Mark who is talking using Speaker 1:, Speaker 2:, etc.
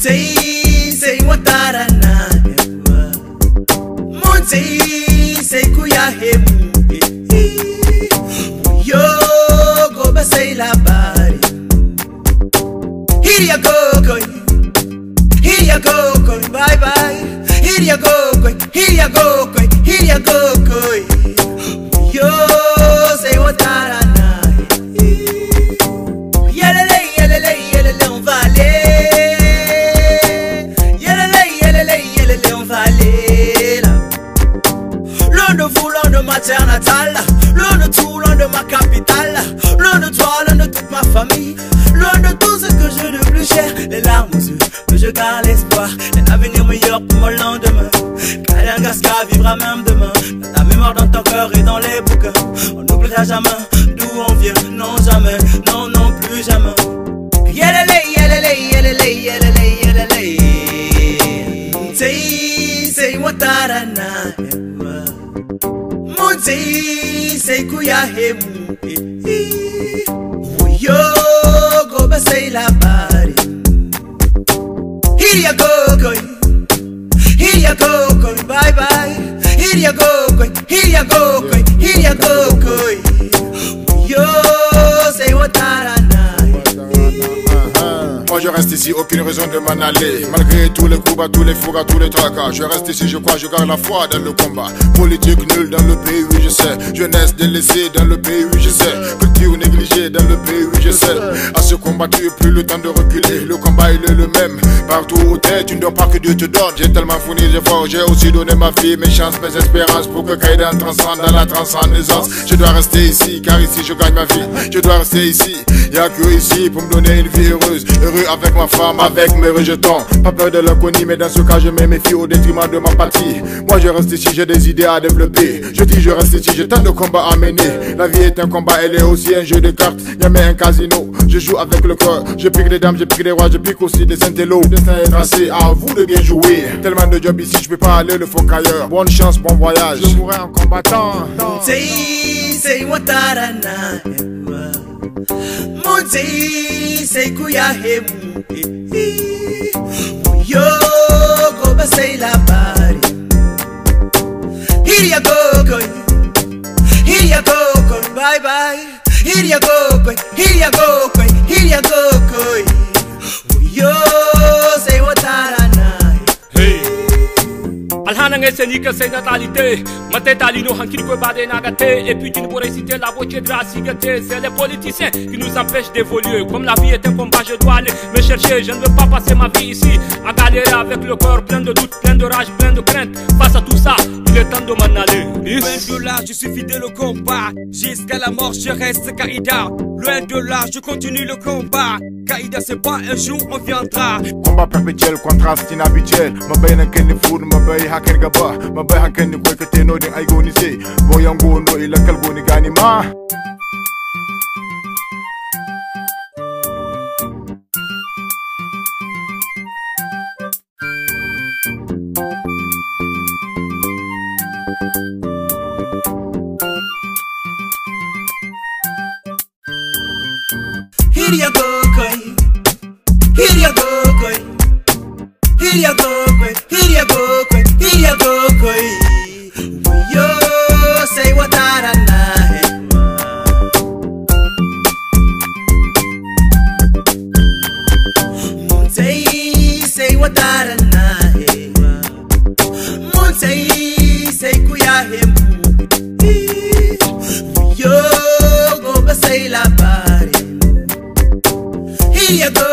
Speaker 1: sai sai wata l'espoir d'un avenir meilleur pour mon lendemain. Madagascar vivra même demain. Ta mémoire dans ton cœur et dans les bouquins. On n'oubliera jamais d'où on vient. Non, jamais, non, non, plus jamais. Yelele, yelele, yelele, yelele, yelele. watarana. bye bye. go,
Speaker 2: Moi je reste ici, aucune raison de m'en aller. Malgré tous les coups tous les fougas, tous les tracas. Je reste ici, je crois, je garde la foi dans le combat. Politique nulle dans le pays, oui, je sais. Jeunesse délaissée dans le pays, oui, je sais. Culture à ce combat, tu n'as plus le temps de reculer. Le combat, il est le même. Partout où t'es, tu ne dois pas que Dieu te donne. J'ai tellement fourni d'efforts, j'ai aussi donné ma vie, mes chances, mes espérances pour que Kaidan transcende dans la transcendance. Je dois rester ici, car ici je gagne ma vie. Je dois rester ici, y'a que ici pour me donner une vie heureuse. Heureux avec ma femme, avec mes rejetons. Pas peur de l'inconnu, mais dans ce cas, je mets mes filles au détriment de ma partie. Moi, je reste ici, j'ai des idées à développer. Je dis, je reste ici, j'ai tant de combats à mener. La vie est un combat, elle est aussi un jeu de cartes. Y'a même un casino je joue avec le cœur, je pique des dames, je pique des rois, je pique aussi des intellos. Destin à vous de bien jouer. Tellement de job ici, je peux pas aller le faux ailleurs. Bonne chance, bon voyage. Je mourrai en combattant.
Speaker 1: Sei, sei watarana. go la go, go, go. Bye bye. Here go. Here you go. Et c'est notrealité. Maté talino, hankil kwe de nagaté. Et puis d'une réciter la voix de la cigarette. C'est les politiciens qui nous empêchent d'évoluer. Comme la vie est un combat, je dois aller me chercher. Je ne veux pas passer ma vie ici à galérer avec le corps plein de doutes, plein de rage, plein de crainte. Face à tout ça, il est temps de m'en aller. Loin de là, je suis fidèle au combat. Jusqu'à la mort, je reste Kaïda. Loin de là, je continue
Speaker 2: le combat. Kaïda, c'est pas un jour, on viendra. Combat perpétuel, contraste inhabituel. Ma bain, un ma bain, ba ma bai hankan ni koi ka te no din ai goni se boyan go no ila kal goni gani ma
Speaker 1: Here you go, koi. Here you go, koi. Here you go. wadarana he Monsei sei la Here you go